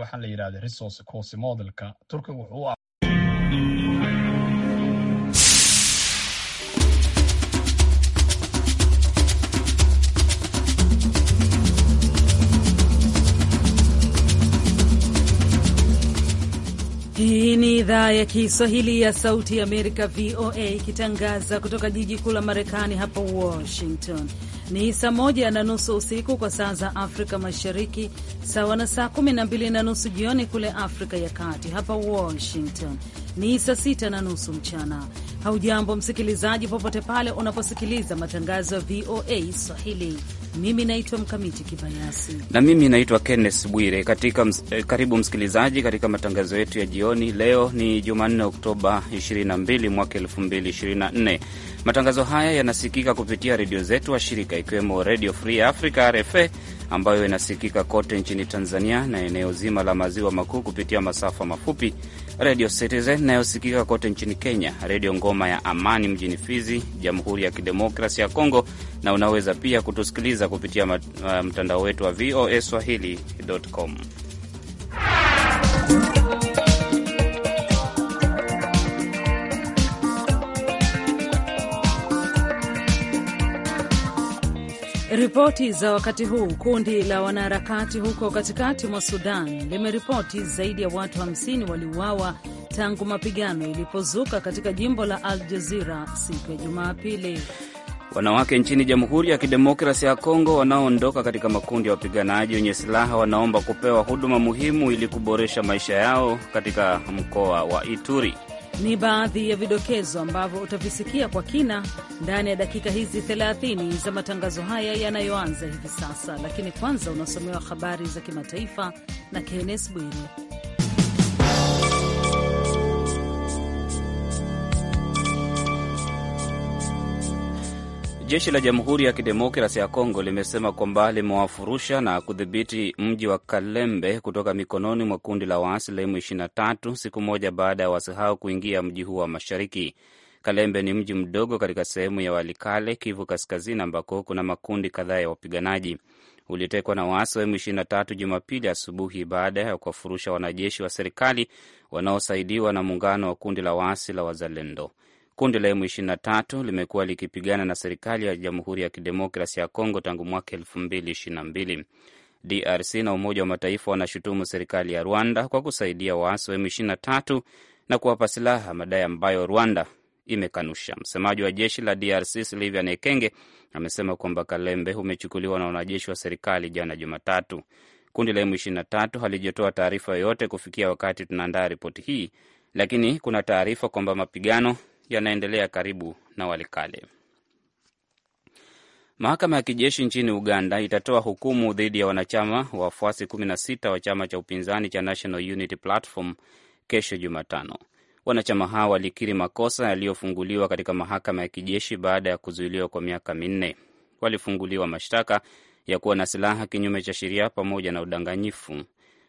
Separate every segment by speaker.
Speaker 1: waxaan la yidhahda resource course modelka Turkiga wuxuu
Speaker 2: Hii ni idhaa ya Kiswahili ya Sauti ya Amerika, VOA, ikitangaza kutoka jiji kuu la Marekani, hapa Washington. Ni saa moja na nusu usiku kwa saa za Afrika Mashariki, sawa na saa kumi na mbili na nusu jioni kule Afrika ya Kati. Hapa Washington ni saa sita na nusu mchana. Haujambo msikilizaji, popote pale unaposikiliza matangazo ya VOA Swahili. Mimi naitwa Mkamiti Kibayasi
Speaker 3: na mimi naitwa Kenneth Bwire. Katika ms, eh, karibu msikilizaji katika matangazo yetu ya jioni. Leo ni Jumanne, Oktoba 22 mwaka 2024. Matangazo haya yanasikika kupitia redio zetu wa shirika ikiwemo Redio Free Africa RFA ambayo inasikika kote nchini Tanzania na eneo zima la maziwa makuu kupitia masafa mafupi, Redio Citizen inayosikika kote nchini Kenya, Redio Ngoma ya Amani mjini Fizi, Jamhuri ya Kidemokrasi ya Kongo, na unaweza pia kutusikiliza kupitia uh, mtandao wetu wa VOA swahili.com.
Speaker 2: Ripoti za wakati huu, kundi la wanaharakati huko katikati mwa Sudan limeripoti zaidi ya watu 50 waliuawa tangu mapigano ilipozuka katika jimbo la Al Jazira siku ya Jumapili.
Speaker 3: Wanawake nchini Jamhuri ya Kidemokrasia ya Kongo wanaoondoka katika makundi ya wapiganaji wenye silaha wanaomba kupewa huduma muhimu ili kuboresha maisha yao katika mkoa wa Ituri.
Speaker 2: Ni baadhi ya vidokezo ambavyo utavisikia kwa kina ndani ya dakika hizi 30 za matangazo haya yanayoanza hivi sasa, lakini kwanza unasomewa habari za kimataifa na Kennes Bwire.
Speaker 3: Jeshi la Jamhuri ya Kidemokrasi ya Kongo limesema kwamba limewafurusha na kudhibiti mji wa Kalembe kutoka mikononi mwa kundi la waasi la M23 siku moja baada ya waasi hao kuingia mji huo wa mashariki. Kalembe ni mji mdogo katika sehemu ya Walikale, Kivu Kaskazini, ambako kuna makundi kadhaa ya wapiganaji. Ulitekwa na waasi wa M23 Jumapili asubuhi baada ya kuwafurusha wanajeshi wa serikali wanaosaidiwa na muungano wa kundi la waasi la Wazalendo. Kundi la M23 limekuwa likipigana na serikali ya Jamhuri ya Kidemokrasi ya Kongo tangu mwaka mbili. DRC na Umoja wa Mataifa wanashutumu serikali ya Rwanda kwa kusaidia waasi wa M23 na kuwapa silaha, madai ambayo Rwanda imekanusha. Msemaji wa jeshi la DRC Sylvain Nekenge amesema kwamba Kalembe umechukuliwa na wanajeshi wa serikali jana Jumatatu. Kundi la M23 halijatoa taarifa yoyote kufikia wakati tunaandaa ripoti hii, lakini kuna taarifa kwamba mapigano yanaendelea karibu na Walikale. Mahakama ya kijeshi nchini Uganda itatoa hukumu dhidi ya wanachama wafuasi 16 wa chama cha upinzani cha National Unity Platform kesho Jumatano. Wanachama hao walikiri makosa yaliyofunguliwa katika mahakama ya kijeshi baada ya kuzuiliwa kwa miaka minne. Walifunguliwa mashtaka ya kuwa na silaha kinyume cha sheria pamoja na udanganyifu.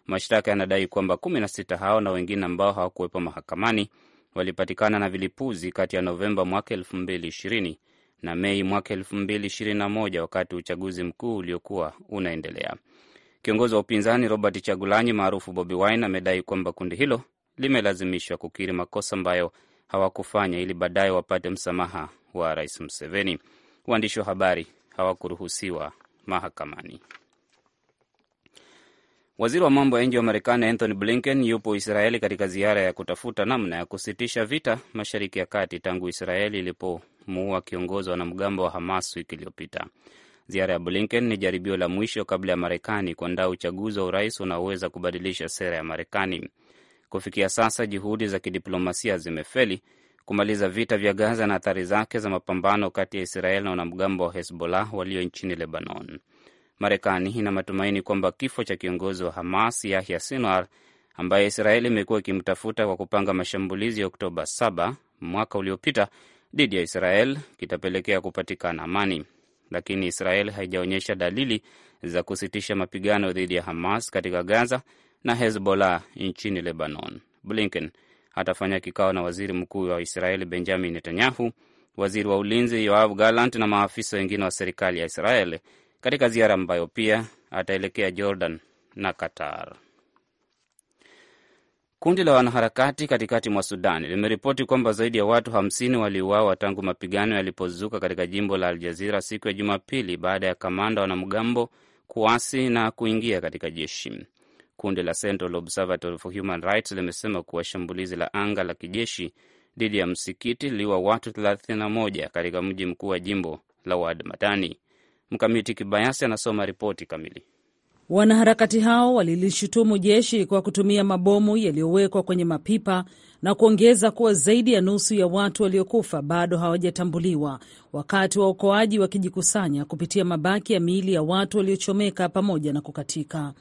Speaker 3: Mashtaka yanadai kwamba 16 hao na wengine ambao hawakuwepo mahakamani walipatikana na vilipuzi kati ya Novemba mwaka 2020 na Mei mwaka 2021 wakati uchaguzi mkuu uliokuwa unaendelea. Kiongozi wa upinzani Robert Chagulanyi maarufu Bobi Wine amedai kwamba kundi hilo limelazimishwa kukiri makosa ambayo hawakufanya ili baadaye wapate msamaha wa Rais Museveni. Waandishi wa habari hawakuruhusiwa mahakamani. Waziri wa mambo ya nje wa Marekani Anthony Blinken yupo Israeli katika ziara ya kutafuta namna ya kusitisha vita Mashariki ya Kati tangu Israeli ilipomuua kiongozi wa wanamgambo wa Hamas wiki iliyopita. Ziara ya Blinken ni jaribio la mwisho kabla ya Marekani kuandaa uchaguzi wa urais unaoweza kubadilisha sera ya Marekani. Kufikia sasa, juhudi za kidiplomasia zimefeli kumaliza vita vya Gaza na athari zake za mapambano kati ya Israeli na wanamgambo wa Hezbollah walio nchini Lebanon. Marekani ina matumaini kwamba kifo cha kiongozi wa Hamas Yahya Sinwar, ambaye Israeli imekuwa ikimtafuta kwa kupanga mashambulizi ya Oktoba 7 mwaka uliopita dhidi ya Israel kitapelekea kupatikana amani, lakini Israel haijaonyesha dalili za kusitisha mapigano dhidi ya Hamas katika Gaza na Hezbollah nchini Lebanon. Blinken atafanya kikao na waziri mkuu wa israel Benjamin Netanyahu, waziri wa ulinzi Yoav Gallant na maafisa wengine wa serikali ya Israeli katika ziara ambayo pia ataelekea Jordan na Qatar. Kundi la wanaharakati katikati mwa Sudan limeripoti kwamba zaidi ya watu 50 waliuawa tangu mapigano yalipozuka katika jimbo la Aljazira siku ya Jumapili baada ya kamanda wanamgambo kuasi na kuingia katika jeshi. Kundi la Central Observatory for Human Rights limesema kuwa shambulizi la anga la kijeshi dhidi ya msikiti liliua watu 31 katika mji mkuu wa jimbo la Wadmatani. Mkamiti Kibayasi anasoma ripoti kamili.
Speaker 2: Wanaharakati hao walilishutumu jeshi kwa kutumia mabomu yaliyowekwa kwenye mapipa na kuongeza kuwa zaidi ya nusu ya watu waliokufa bado hawajatambuliwa, wakati waokoaji wakijikusanya kupitia mabaki ya miili ya watu waliochomeka pamoja na kukatika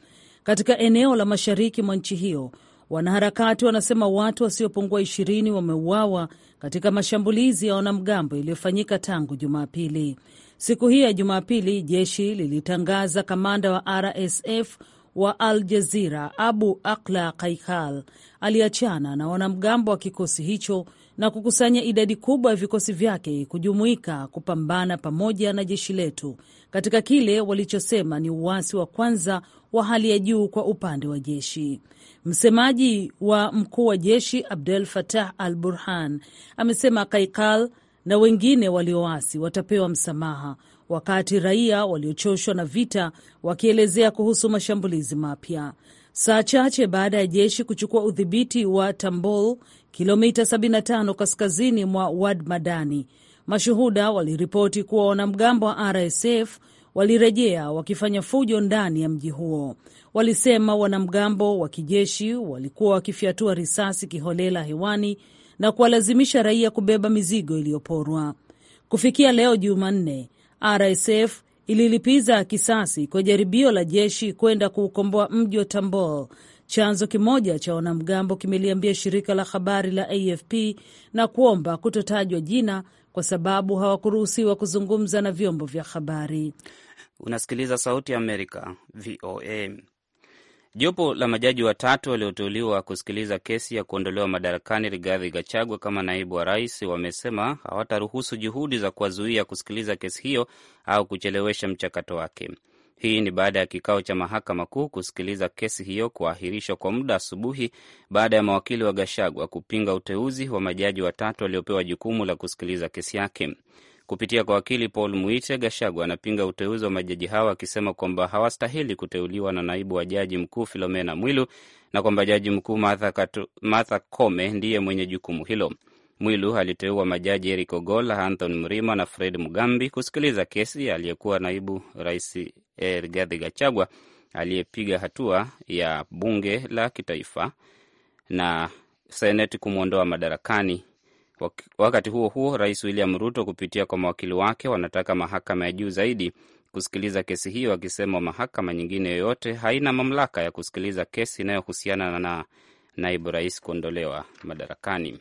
Speaker 2: katika eneo la mashariki mwa nchi hiyo. Wanaharakati wanasema watu wasiopungua ishirini wameuawa katika mashambulizi ya wanamgambo yaliyofanyika tangu Jumapili. Siku hii ya Jumapili, jeshi lilitangaza kamanda wa RSF wa Al Jazira Abu Akla Kaikal aliachana na wanamgambo wa kikosi hicho na kukusanya idadi kubwa ya vikosi vyake kujumuika kupambana pamoja na jeshi letu katika kile walichosema ni uasi wa kwanza wa hali ya juu kwa upande wa jeshi. Msemaji wa mkuu wa jeshi Abdel Fattah al Burhan amesema Kaikal na wengine walioasi watapewa msamaha, wakati raia waliochoshwa na vita wakielezea kuhusu mashambulizi mapya. Saa chache baada ya jeshi kuchukua udhibiti wa Tambol, kilomita 75 kaskazini mwa Wad Madani, mashuhuda waliripoti kuwa wanamgambo wa RSF walirejea wakifanya fujo ndani ya mji huo. Walisema wanamgambo wa kijeshi walikuwa wakifyatua risasi kiholela hewani na kuwalazimisha raia kubeba mizigo iliyoporwa. Kufikia leo Jumanne, RSF ililipiza kisasi kwa jaribio la jeshi kwenda kuukomboa mji wa Tambol. Chanzo kimoja cha wanamgambo kimeliambia shirika la habari la AFP na kuomba kutotajwa jina kwa sababu hawakuruhusiwa kuzungumza na vyombo vya habari.
Speaker 3: Unasikiliza Sauti ya Amerika, VOA. Jopo la majaji watatu walioteuliwa kusikiliza kesi ya kuondolewa madarakani Rigathi Gachagua kama naibu wa rais wamesema hawataruhusu juhudi za kuwazuia kusikiliza kesi hiyo au kuchelewesha mchakato wake. Hii ni baada ya kikao cha mahakama kuu kusikiliza kesi hiyo kuahirishwa kwa muda asubuhi baada ya mawakili wa gashagwa kupinga uteuzi wa majaji watatu waliopewa jukumu la kusikiliza kesi yake. Kupitia kwa wakili Paul Mwite, Gashagwa anapinga uteuzi wa majaji hawa akisema kwamba hawastahili kuteuliwa na naibu wa jaji mkuu Filomena Mwilu na kwamba jaji mkuu Martha Kome ndiye mwenye jukumu hilo. Mwilu aliteua majaji Eric Ogola, Anthony Mrima na Fred Mugambi kusikiliza kesi aliyekuwa naibu rais Rigathi gachagwa aliyepiga hatua ya bunge la kitaifa na seneti kumwondoa madarakani Wakati huo huo, Rais William Ruto kupitia kwa mawakili wake wanataka mahakama ya juu zaidi kusikiliza kesi hiyo, akisema mahakama nyingine yoyote haina mamlaka ya kusikiliza kesi inayohusiana na naibu rais kuondolewa madarakani.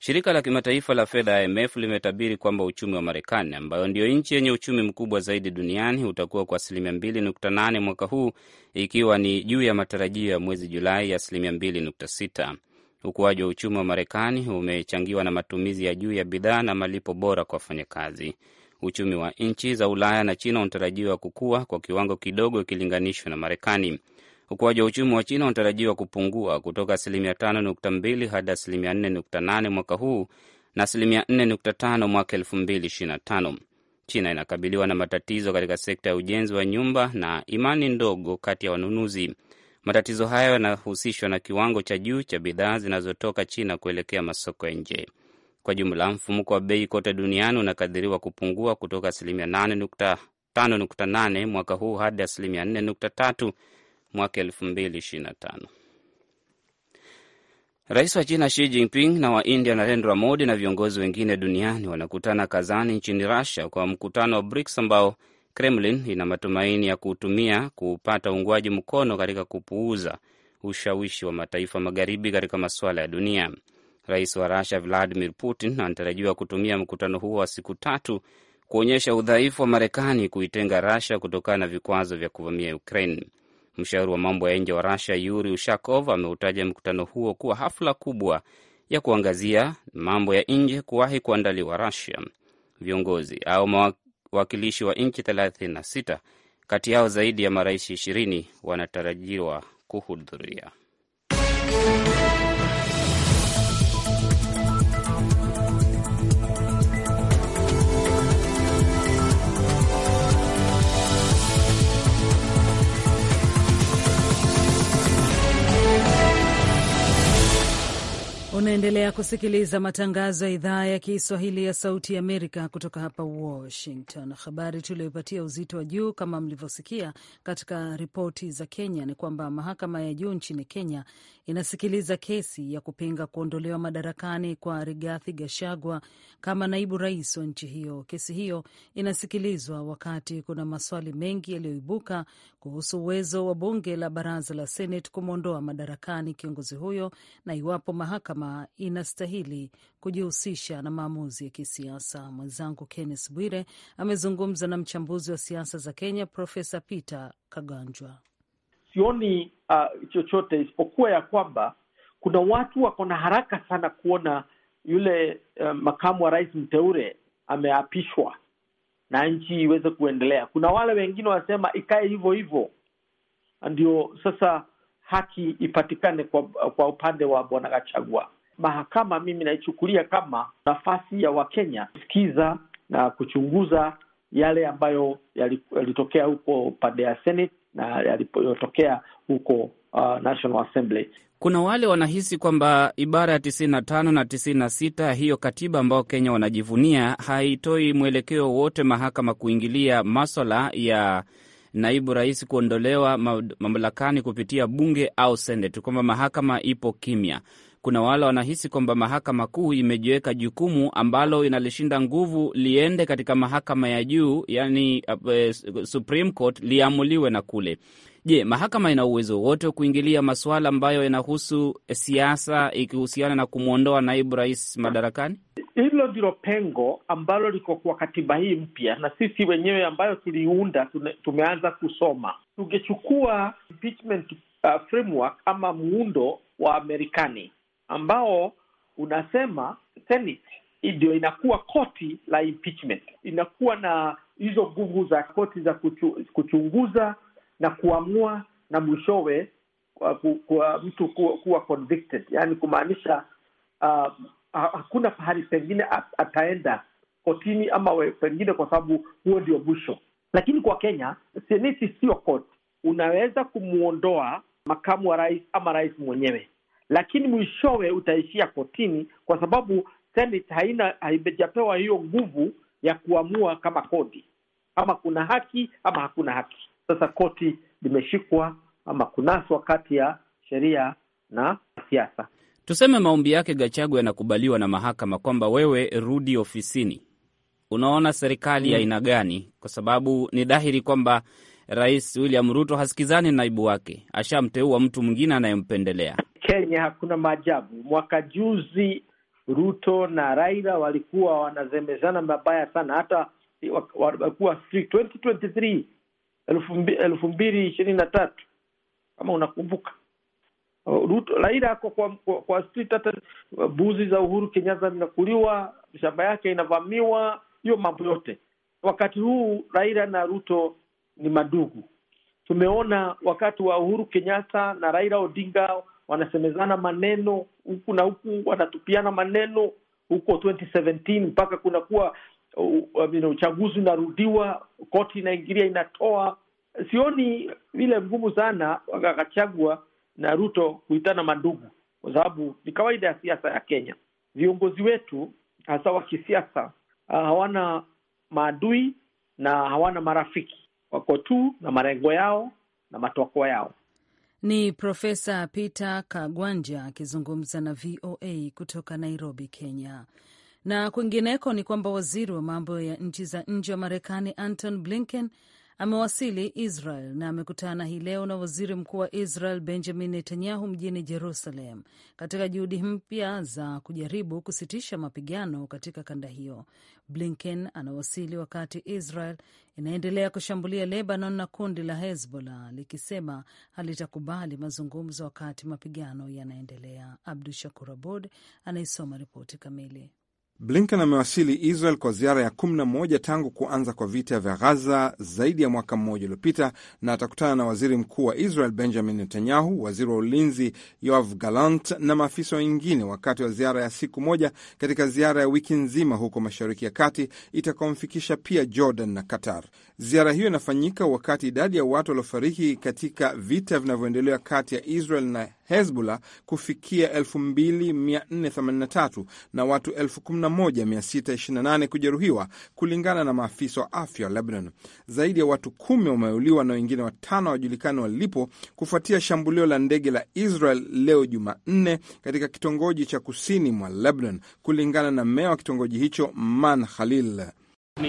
Speaker 3: Shirika la kimataifa la fedha IMF limetabiri kwamba uchumi wa Marekani, ambayo ndiyo nchi yenye uchumi mkubwa zaidi duniani, utakuwa kwa asilimia 2.8 mwaka huu, ikiwa ni juu ya matarajio ya mwezi Julai ya asilimia 2.6. Ukuaji wa uchumi wa Marekani umechangiwa na matumizi ya juu ya bidhaa na malipo bora kwa wafanyakazi. Uchumi wa nchi za Ulaya na China unatarajiwa kukua kwa kiwango kidogo ikilinganishwa na Marekani. Ukuaji wa uchumi wa China unatarajiwa kupungua kutoka asilimia 5.2 hadi asilimia 4.8 mwaka huu na asilimia 4.5 mwaka 2025. China inakabiliwa na matatizo katika sekta ya ujenzi wa nyumba na imani ndogo kati ya wanunuzi. Matatizo hayo yanahusishwa na kiwango cha juu cha bidhaa zinazotoka China kuelekea masoko ya nje. Kwa jumla, mfumuko wa bei kote duniani unakadiriwa kupungua kutoka asilimia 5.8 mwaka huu hadi asilimia 4.3 mwaka 2025. Rais wa China Xi Jinping na wa India Narendra Modi na viongozi wengine duniani wanakutana Kazani nchini Russia kwa mkutano wa BRICS ambao Kremlin ina matumaini ya kuutumia kuupata uungwaji mkono katika kupuuza ushawishi wa mataifa magharibi katika masuala ya dunia. Rais wa Rusia Vladimir Putin anatarajiwa kutumia mkutano huo wa siku tatu kuonyesha udhaifu wa Marekani kuitenga Rusia kutokana na vikwazo vya kuvamia Ukraine. Mshauri wa mambo ya nje wa Rusia Yuri Ushakov ameutaja mkutano huo kuwa hafla kubwa ya kuangazia mambo ya nje kuwahi kuandaliwa Rusia. Viongozi au wawakilishi wa nchi 36 kati yao zaidi ya marais 20 wanatarajiwa kuhudhuria.
Speaker 2: Unaendelea kusikiliza matangazo ya idhaa ya Kiswahili ya Sauti ya Amerika kutoka hapa Washington. Habari tuliyoipatia uzito wa juu kama mlivyosikia katika ripoti za Kenya ni kwamba mahakama ya juu nchini Kenya inasikiliza kesi ya kupinga kuondolewa madarakani kwa Rigathi gashagwa kama naibu rais wa nchi hiyo. Kesi hiyo inasikilizwa wakati kuna maswali mengi yaliyoibuka kuhusu uwezo wa bunge la baraza la senat kumwondoa madarakani kiongozi huyo na iwapo mahakama kama inastahili kujihusisha na maamuzi ya kisiasa. Mwenzangu Kenneth Bwire amezungumza na mchambuzi wa siasa za Kenya Profesa Peter Kaganjwa.
Speaker 4: Sioni uh, chochote isipokuwa ya kwamba kuna watu wako na haraka sana kuona yule uh, makamu wa rais mteure ameapishwa na nchi iweze kuendelea. Kuna wale wengine wanasema ikae hivyo hivyo, ndio sasa haki ipatikane kwa, kwa upande wa bwana Gachagua mahakama mimi naichukulia kama nafasi ya Wakenya kusikiza na kuchunguza yale ambayo yalitokea huko pande ya Senate na yalipotokea huko uh, National Assembly.
Speaker 3: Kuna wale wanahisi kwamba ibara ya tisini na tano na tisini na sita hiyo katiba ambayo Kenya wanajivunia haitoi mwelekeo wote mahakama kuingilia maswala ya naibu rais kuondolewa mamlakani kupitia bunge au senet kwamba mahakama ipo kimya. Kuna wale wanahisi kwamba mahakama kuu imejiweka jukumu ambalo inalishinda nguvu liende katika mahakama ya juu, yani uh, Supreme Court liamuliwe na kule. Je, mahakama ina uwezo wote wa kuingilia masuala ambayo yanahusu siasa ikihusiana na kumwondoa naibu rais madarakani?
Speaker 4: Hilo ndilo pengo ambalo liko kwa katiba hii mpya, na sisi wenyewe ambayo tuliunda tumeanza kusoma. Tungechukua impeachment, uh, framework ama muundo wa Marekani ambao unasema Senate ndio inakuwa koti la impeachment, inakuwa na hizo nguvu za koti za kuchu, kuchunguza na kuamua na mwishowe kwa mtu kuwa, kuwa convicted, yani kumaanisha uh, hakuna pahali pengine ataenda kotini ama we, pengine kwa sababu huo ndio mwisho. Lakini kwa Kenya seneti sio koti, unaweza kumwondoa makamu wa rais ama rais mwenyewe lakini mwishowe utaishia kotini, kwa sababu Senate haina haijapewa hiyo nguvu ya kuamua kama kodi ama kuna haki ama hakuna haki. Sasa koti limeshikwa ama kunaswa kati ya sheria na siasa.
Speaker 3: Tuseme maombi yake Gachagu yanakubaliwa na mahakama kwamba wewe rudi ofisini. Unaona serikali ya mm. aina gani? Kwa sababu ni dhahiri kwamba Rais William Ruto hasikizani naibu wake, ashamteua mtu mwingine anayempendelea.
Speaker 4: Kenya hakuna maajabu. Mwaka juzi Ruto na Raila walikuwa wanazemezana mabaya sana, hata walikuwa 2023 elfu mbili ishirini na tatu kama unakumbuka Ruto, Raila ako kwa, kwa, kwa street, hata buzi za Uhuru Kenyatta zinakuliwa, shamba yake inavamiwa, hiyo mambo yote. Wakati huu Raila na Ruto ni madugu. Tumeona wakati wa Uhuru Kenyatta na Raila Odinga wanasemezana maneno huku na huku, wanatupiana maneno huko 2017 mpaka kunakuwa uchaguzi unarudiwa, koti inaingilia inatoa. Sioni vile ngumu sana wakakachagua na Ruto kuitana mandugu, kwa sababu ni kawaida ya siasa ya Kenya. Viongozi wetu hasa wa kisiasa hawana maadui na hawana marafiki, wako tu na malengo yao na matokwa yao.
Speaker 2: Ni Profesa Peter Kagwanja akizungumza na VOA kutoka Nairobi, Kenya. Na kwingineko ni kwamba waziri wa mambo ya nchi za nje wa Marekani Anton Blinken amewasili Israel na amekutana hii leo na waziri mkuu wa Israel Benjamin Netanyahu mjini Jerusalem katika juhudi mpya za kujaribu kusitisha mapigano katika kanda hiyo. Blinken anawasili wakati Israel inaendelea kushambulia Lebanon na kundi la Hezbollah likisema halitakubali mazungumzo wakati mapigano yanaendelea. Abdu Shakur Abud anaisoma ripoti kamili.
Speaker 5: Blinken amewasili Israel kwa ziara ya kumi na moja tangu kuanza kwa vita vya Ghaza zaidi ya mwaka mmoja uliopita, na atakutana na waziri mkuu wa Israel Benjamin Netanyahu, waziri wa ulinzi Yoav Gallant na maafisa wengine wakati wa ziara ya siku moja katika ziara ya wiki nzima huko Mashariki ya Kati itakaomfikisha pia Jordan na Qatar. Ziara hiyo inafanyika wakati idadi ya watu waliofariki katika vita vinavyoendelea kati ya Israel na Hezbollah kufikia 2483 na watu 11628 kujeruhiwa, kulingana na maafisa wa afya wa Lebanon. Zaidi ya watu kumi wameuliwa na wengine watano hawajulikani walipo kufuatia shambulio la ndege la Israel leo Jumanne katika kitongoji cha kusini mwa Lebanon, kulingana na meya wa kitongoji hicho Man Khalil.
Speaker 1: Uh,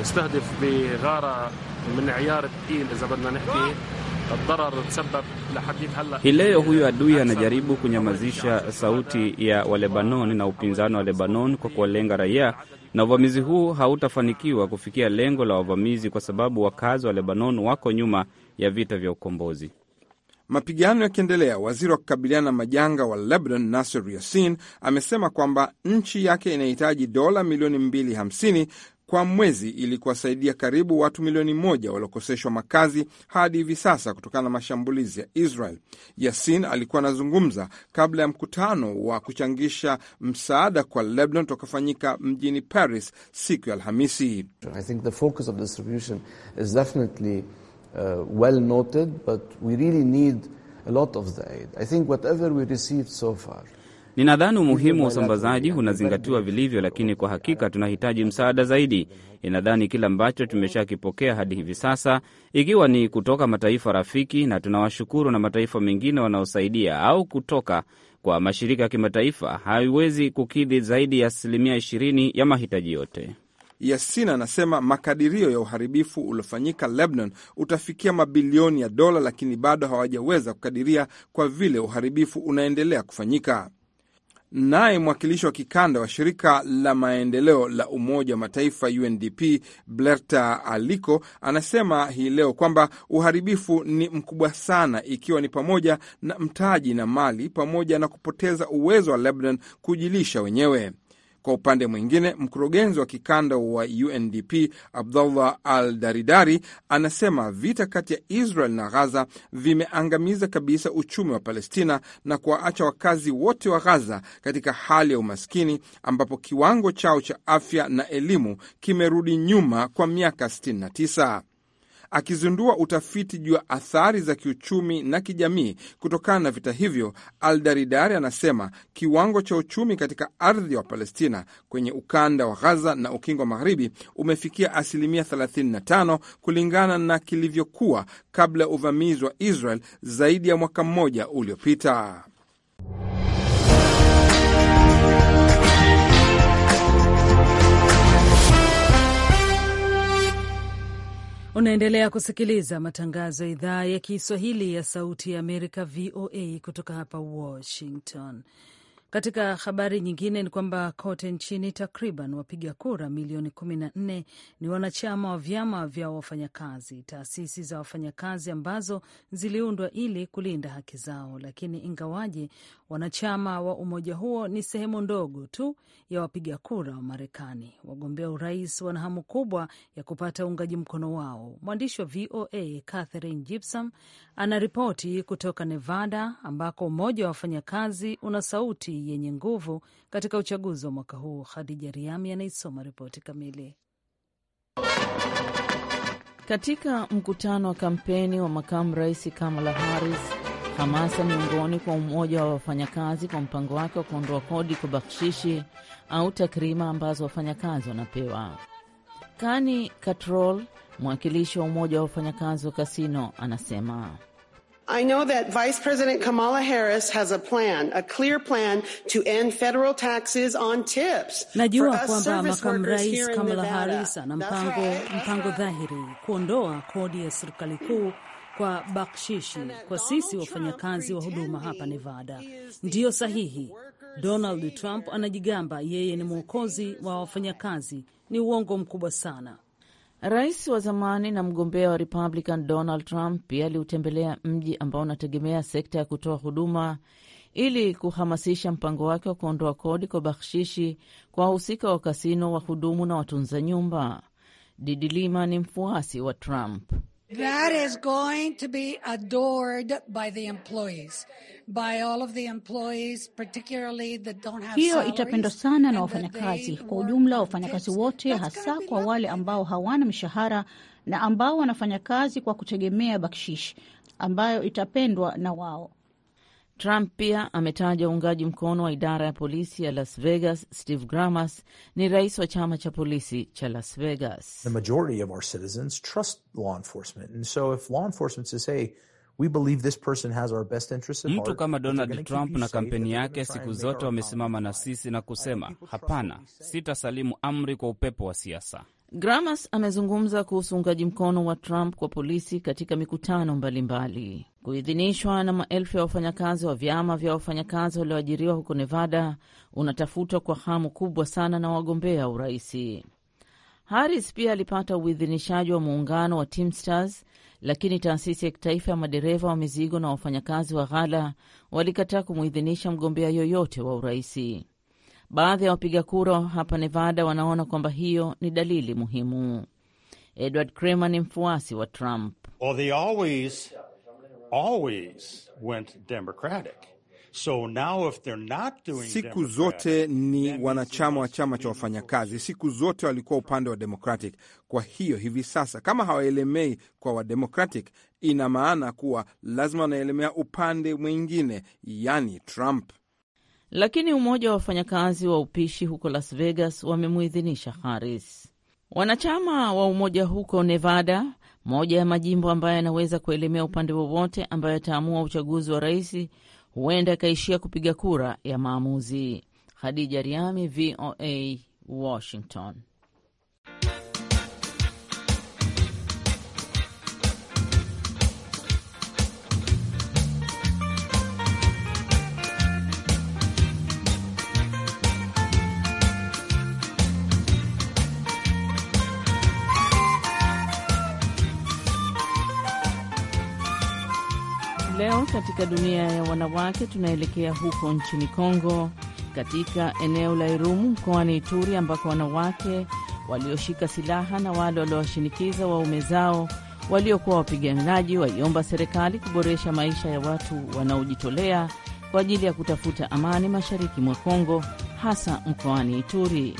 Speaker 1: يستهدف بغارة من عيار الثقيل إذا بدنا نحكي الضرر تسبب لحديث هلا. Hii
Speaker 3: leo huyu adui anajaribu kunyamazisha sauti ya Walebanon na upinzani wa Lebanon kwa kuwalenga raia, na uvamizi huu hautafanikiwa kufikia lengo la wavamizi kwa sababu wakazi wa Lebanon wako nyuma ya vita vya ukombozi.
Speaker 5: Mapigano yakiendelea, waziri wa kukabiliana na majanga wa Lebanon Nasser Yassin amesema kwamba nchi yake inahitaji dola milioni 250 kwa mwezi ili kuwasaidia karibu watu milioni moja waliokoseshwa makazi hadi hivi sasa kutokana na mashambulizi ya Israel. Yasin alikuwa anazungumza kabla ya mkutano wa kuchangisha msaada kwa Lebanon utakaofanyika mjini Paris siku ya Alhamisi. So far
Speaker 3: Ninadhani umuhimu wa usambazaji unazingatiwa vilivyo, lakini kwa hakika tunahitaji msaada zaidi. Ninadhani kile ambacho tumeshakipokea hadi hivi sasa, ikiwa ni kutoka mataifa rafiki, na tunawashukuru na mataifa mengine wanaosaidia, au kutoka kwa mashirika ya kimataifa, haiwezi kukidhi zaidi ya asilimia ishirini ya mahitaji
Speaker 5: yote. Yasina anasema makadirio ya uharibifu uliofanyika Lebanon utafikia mabilioni ya dola, lakini bado hawajaweza kukadiria kwa vile uharibifu unaendelea kufanyika. Naye mwakilishi wa kikanda wa shirika la maendeleo la Umoja wa Mataifa UNDP Blerta Aliko anasema hii leo kwamba uharibifu ni mkubwa sana, ikiwa ni pamoja na mtaji na mali pamoja na kupoteza uwezo wa Lebanon kujilisha wenyewe. Kwa upande mwingine, mkurugenzi wa kikanda wa UNDP Abdullah Al Daridari anasema vita kati ya Israel na Ghaza vimeangamiza kabisa uchumi wa Palestina na kuwaacha wakazi wote wa Ghaza katika hali ya umaskini ambapo kiwango chao cha afya na elimu kimerudi nyuma kwa miaka 69. Akizindua utafiti juu ya athari za kiuchumi na kijamii kutokana na vita hivyo, aldaridari anasema kiwango cha uchumi katika ardhi ya Palestina kwenye ukanda wa Ghaza na ukingo wa Magharibi umefikia asilimia 35 kulingana na kilivyokuwa kabla ya uvamizi wa Israel zaidi ya mwaka mmoja uliopita.
Speaker 2: Unaendelea kusikiliza matangazo ya idhaa ya Kiswahili ya Sauti ya Amerika, VOA, kutoka hapa Washington. Katika habari nyingine ni kwamba kote nchini takriban wapiga kura milioni 14 ni wanachama wa vyama vya wafanyakazi, taasisi za wafanyakazi ambazo ziliundwa ili kulinda haki zao. Lakini ingawaje wanachama wa umoja huo ni sehemu ndogo tu ya wapiga kura wa Marekani, wagombea urais wana hamu kubwa ya kupata uungaji mkono wao. Mwandishi wa VOA Catherine Gibson anaripoti kutoka Nevada, ambako umoja wa wafanyakazi una sauti yenye nguvu katika uchaguzi wa mwaka huu. Khadija Riami anaisoma ripoti kamili. Katika mkutano
Speaker 6: wa kampeni wa makamu rais Kamala Harris, hamasa miongoni kwa umoja wa wafanyakazi kwa mpango wake wa kuondoa kodi kwa bakshishi au takrima ambazo wafanyakazi wanapewa. Kani Katrol, mwakilishi wa umoja wa wafanyakazi wa kasino, anasema
Speaker 1: I know that Vice President Kamala Harris has a plan, a clear plan to end federal taxes on tips. Najua kwamba makamu rais Kamala
Speaker 2: Harris ana mpango mpango dhahiri kuondoa kodi ya serikali kuu kwa bakshishi kwa sisi wafanyakazi wa huduma hapa Nevada. Ndiyo sahihi. Donald Trump anajigamba yeye ni mwokozi wa wafanyakazi. Ni uongo mkubwa sana. Rais wa zamani na mgombea wa Republican
Speaker 6: Donald Trump pia aliutembelea mji ambao unategemea sekta ya kutoa huduma ili kuhamasisha mpango wake wa kuondoa kodi kwa bakshishi kwa wahusika wa kasino, wahudumu na watunza nyumba. Didilima ni mfuasi wa Trump.
Speaker 2: That is going to be adored by the employees, by all of the employees, particularly that don't have hiyo itapendwa sana
Speaker 6: na wafanyakazi kwa ujumla, wafanyakazi wote, hasa kwa wale ambao hawana mishahara na ambao wanafanya kazi kwa kutegemea bakshish, ambayo itapendwa na wao. Trump pia ametaja uungaji mkono wa idara ya polisi ya Las Vegas. Steve Gramas ni rais wa chama
Speaker 4: cha polisi cha Las Vegas. The majority of our citizens trust law enforcement. And so if law enforcement says, hey, we believe this person has our best at heart. Mtu kama Donald Trump na kampeni
Speaker 3: yake siku zote wamesimama na sisi na kusema hapana, sitasalimu amri kwa upepo wa siasa.
Speaker 6: Gramas amezungumza kuhusu uungaji mkono wa Trump kwa polisi katika mikutano mbalimbali. Kuidhinishwa na maelfu ya wafanyakazi wa vyama vya wafanyakazi walioajiriwa huko Nevada unatafutwa kwa hamu kubwa sana na wagombea uraisi. Harris pia alipata uidhinishaji wa muungano wa Teamsters, lakini taasisi ya kitaifa ya madereva wa mizigo na wafanyakazi wa ghala walikataa kumwidhinisha mgombea yoyote wa uraisi. Baadhi ya wapiga kura hapa Nevada wanaona kwamba hiyo ni dalili muhimu. Edward Kremer ni mfuasi wa Trump.
Speaker 2: Well, they always, always went Democratic. So
Speaker 5: now if they're
Speaker 2: not doing siku zote
Speaker 5: ni wanachama wa chama cha wafanyakazi, siku zote walikuwa upande wa Democratic. Kwa hiyo hivi sasa kama hawaelemei kwa Wademocratic, ina maana kuwa lazima wanaelemea upande mwingine, yani Trump.
Speaker 6: Lakini umoja wa wafanyakazi wa upishi huko Las Vegas wamemuidhinisha haris Wanachama wa umoja huko Nevada, moja ya majimbo ambayo yanaweza kuelemea upande wowote, ambayo yataamua uchaguzi wa rais, huenda yakaishia kupiga kura ya maamuzi. Hadija Riami, VOA, Washington. katika dunia ya wanawake, tunaelekea huko nchini Kongo, katika eneo la Irumu mkoani Ituri, ambako wanawake walioshika silaha na wale waliowashinikiza waume zao waliokuwa wapiganaji waiomba serikali kuboresha maisha ya watu wanaojitolea kwa ajili ya kutafuta amani mashariki mwa Kongo, hasa mkoani Ituri.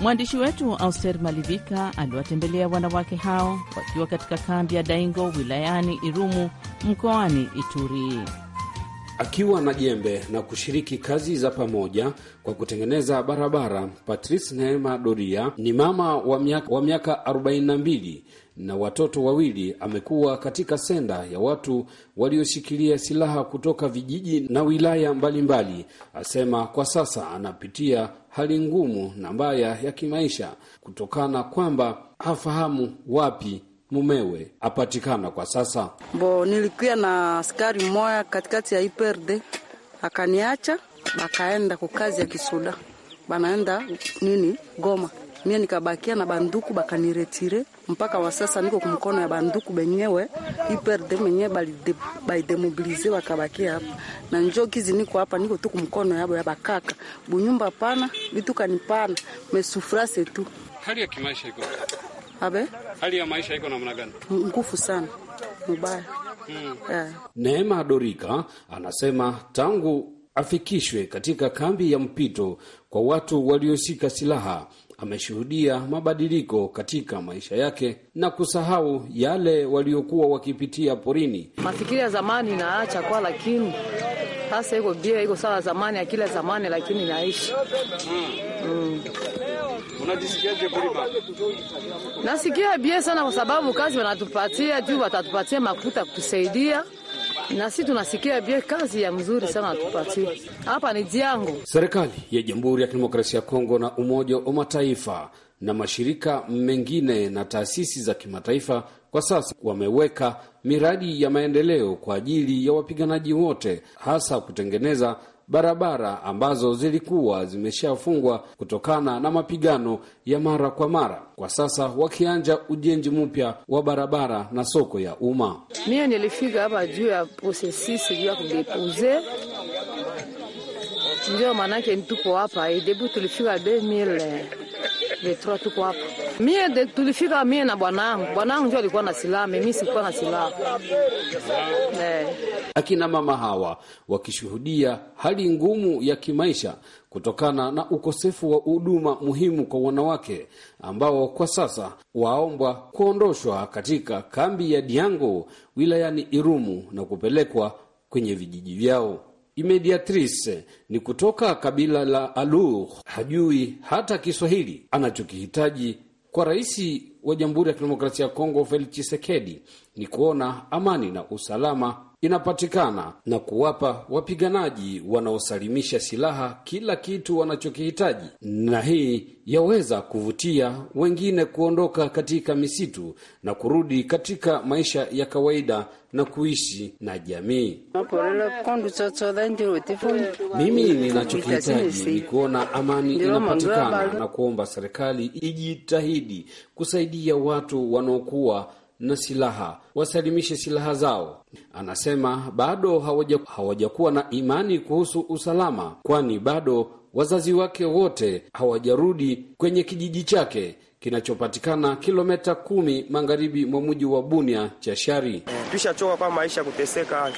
Speaker 6: Mwandishi wetu Auster Malivika aliwatembelea wanawake hao wakiwa katika kambi ya Daingo wilayani Irumu mkoani Ituri
Speaker 1: akiwa na jembe na kushiriki kazi za pamoja kwa kutengeneza barabara. Patrice Neema Doria ni mama wa miaka wa miaka 42 na watoto wawili. Amekuwa katika senda ya watu walioshikilia silaha kutoka vijiji na wilaya mbalimbali mbali. Asema kwa sasa anapitia hali ngumu na mbaya ya kimaisha kutokana kwamba hafahamu wapi mumewe apatikana kwa sasa.
Speaker 2: Bo, nilikuya na askari mmoya katikati ya IPRD akaniacha, bakaenda kazi ya kisuda, banaenda nini Goma, mie nikabakia na banduku bakaniretire mpaka wa sasa niko kumkono ya banduku benyewe IPRD menyewe baidemobilize bakabakia hapa na njo kizi niko hapa, niko tu kumkono yabo ya bakaka bunyumba pana vitu kanipana mesufrase tu.
Speaker 1: Hali ya kimaisha iko abe hali ya maisha iko namna gani?
Speaker 2: Ngufu sana
Speaker 3: mubaya.
Speaker 1: Hmm. Yeah. Neema Dorika anasema tangu afikishwe katika kambi ya mpito kwa watu walioshika silaha ameshuhudia mabadiliko katika maisha yake na kusahau yale waliokuwa wakipitia porini.
Speaker 2: Mafikiri ya zamani naacha kwa, lakini sasa iko bia iko sawa, zamani akila zamani, lakini naishi
Speaker 4: mm.
Speaker 1: Hmm. Unajisikiaje kulima?
Speaker 2: Nasikia bie sana kwa sababu kazi wanatupatia juu watatupatia makuta kutusaidia na sisi tunasikia bie kazi ya mzuri sana watupatia hapa ni jiangu.
Speaker 1: Serikali ya Jamhuri ya Kidemokrasia ya Kongo na Umoja wa Mataifa na mashirika mengine na taasisi za kimataifa kwa sasa wameweka miradi ya maendeleo kwa ajili ya wapiganaji wote, hasa kutengeneza barabara ambazo zilikuwa zimeshafungwa kutokana na mapigano ya mara kwa mara, kwa sasa wakianja ujenzi mpya wa barabara na soko ya umma.
Speaker 2: mie nilifika hapa juu ya posesisi juu ya kudepuze, ndio maanake ntupo hapa debu tulifika detroit eh, tuko hapa. Mie de, tulifika mie na bwanangu, bwanangu ndio alikuwa na silaha, mimi sikuwa na silaha eh. Akina mama hawa
Speaker 1: wakishuhudia hali ngumu ya kimaisha kutokana na ukosefu wa huduma muhimu kwa wanawake ambao kwa sasa waombwa kuondoshwa katika kambi ya Diango wilayani Irumu na kupelekwa kwenye vijiji vyao. Imediatrice ni kutoka kabila la Alur, hajui hata Kiswahili. Anachokihitaji kwa rais wa Jamhuri ya Kidemokrasia ya Kongo Felix Tshisekedi ni kuona amani na usalama inapatikana na kuwapa wapiganaji wanaosalimisha silaha kila kitu wanachokihitaji, na hii yaweza kuvutia wengine kuondoka katika misitu na kurudi katika maisha ya kawaida na kuishi na jamii.
Speaker 3: Mimi ninachokihitaji
Speaker 1: ni kuona amani inapatikana na kuomba serikali ijitahidi kusaidia watu wanaokuwa na silaha, wasalimishe silaha zao. Anasema bado hawajakuwa na imani kuhusu usalama, kwani bado wazazi wake wote hawajarudi kwenye kijiji chake kinachopatikana kilometa kumi magharibi mwa mji wa Bunia cha Shari.
Speaker 3: Tushachoka kwa maisha kuteseka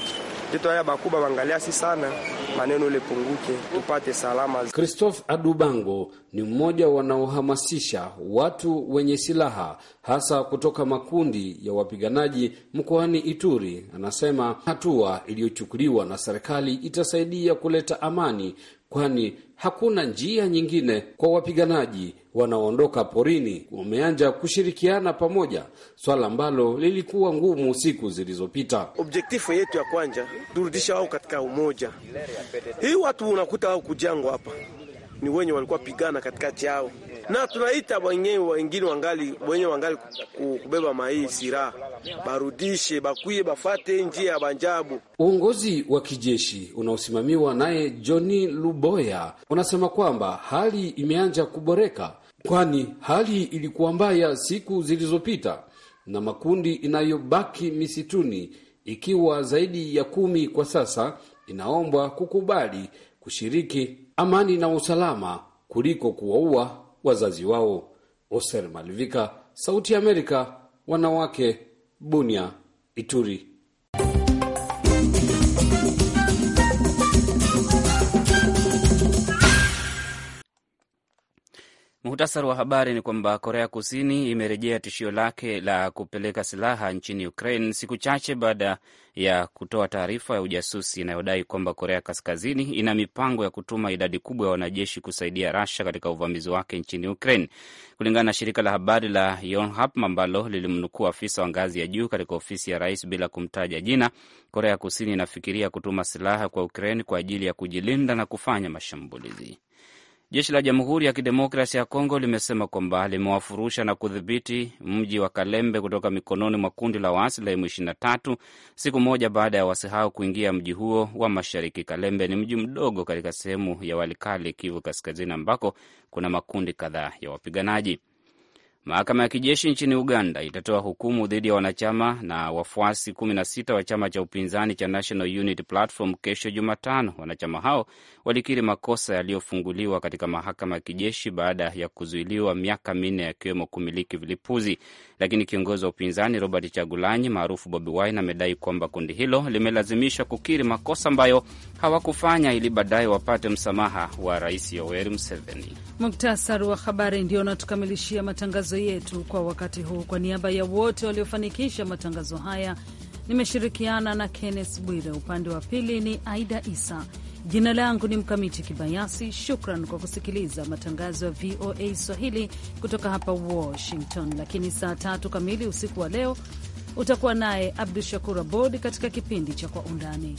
Speaker 3: vitu haya bakuba si sana maneno punguke tupate salama.
Speaker 1: Christophe Adubango ni mmoja wanaohamasisha watu wenye silaha hasa kutoka makundi ya wapiganaji mkoani Ituri. Anasema hatua iliyochukuliwa na serikali itasaidia kuleta amani kwani hakuna njia nyingine kwa wapiganaji wanaoondoka porini. wameanja kushirikiana pamoja, swala ambalo lilikuwa ngumu siku zilizopita.
Speaker 4: Objektifu yetu ya kwanja turudisha wao katika umoja. Hii watu unakuta wao kujangwa hapa ni wenye walikuwa pigana katikati yao, na tunaita wenyewe wengine wangali wenye wangali kubeba mahii siraha, barudishe bakuye, bafate njia ya banjabu.
Speaker 1: Uongozi wa kijeshi unaosimamiwa naye Johnny Luboya unasema kwamba hali imeanza kuboreka, kwani hali ilikuwa mbaya siku zilizopita, na makundi inayobaki misituni ikiwa zaidi ya kumi kwa sasa inaombwa kukubali kushiriki amani na usalama kuliko kuwaua wazazi wao. Oser Malivika, Sauti ya Amerika, wanawake, Bunia,
Speaker 3: Ituri. Muhtasari wa habari ni kwamba Korea Kusini imerejea tishio lake la kupeleka silaha nchini Ukraine siku chache baada ya kutoa taarifa ya ujasusi inayodai kwamba Korea Kaskazini ina mipango ya kutuma idadi kubwa ya wanajeshi kusaidia Russia katika uvamizi wake nchini Ukraine. Kulingana na shirika la habari la Yonhap ambalo lilimnukuu afisa wa ngazi ya juu katika ofisi ya rais bila kumtaja jina, Korea Kusini inafikiria kutuma silaha kwa Ukraine kwa ajili ya kujilinda na kufanya mashambulizi. Jeshi la Jamhuri ya Kidemokrasi ya Kongo limesema kwamba limewafurusha na kudhibiti mji wa Kalembe kutoka mikononi mwa kundi la waasi la M23 siku moja baada ya waasi hao kuingia mji huo wa mashariki. Kalembe ni mji mdogo katika sehemu ya Walikale, Kivu Kaskazini, ambako kuna makundi kadhaa ya wapiganaji. Mahakama ya kijeshi nchini Uganda itatoa hukumu dhidi ya wanachama na wafuasi 16 wa chama cha upinzani cha National Unity Platform kesho Jumatano. Wanachama hao walikiri makosa yaliyofunguliwa katika mahakama ya kijeshi baada ya kuzuiliwa miaka minne, yakiwemo kumiliki vilipuzi. Lakini kiongozi wa upinzani Robert Chagulanyi maarufu Bobi Wine amedai kwamba kundi hilo limelazimishwa kukiri makosa ambayo hawakufanya ili baadaye wapate msamaha wa Rais Yoweri Museveni.
Speaker 2: Muktasari wa habari ndio unatukamilishia matangazo matangazo yetu kwa wakati huu. Kwa niaba ya wote waliofanikisha matangazo haya, nimeshirikiana na Kenneth Bwire, upande wa pili ni Aida Isa. Jina langu ni Mkamiti Kibayasi. Shukran kwa kusikiliza matangazo ya VOA Swahili kutoka hapa Washington. Lakini saa tatu kamili usiku wa leo utakuwa naye Abdu Shakur Abod katika kipindi cha Kwa Undani.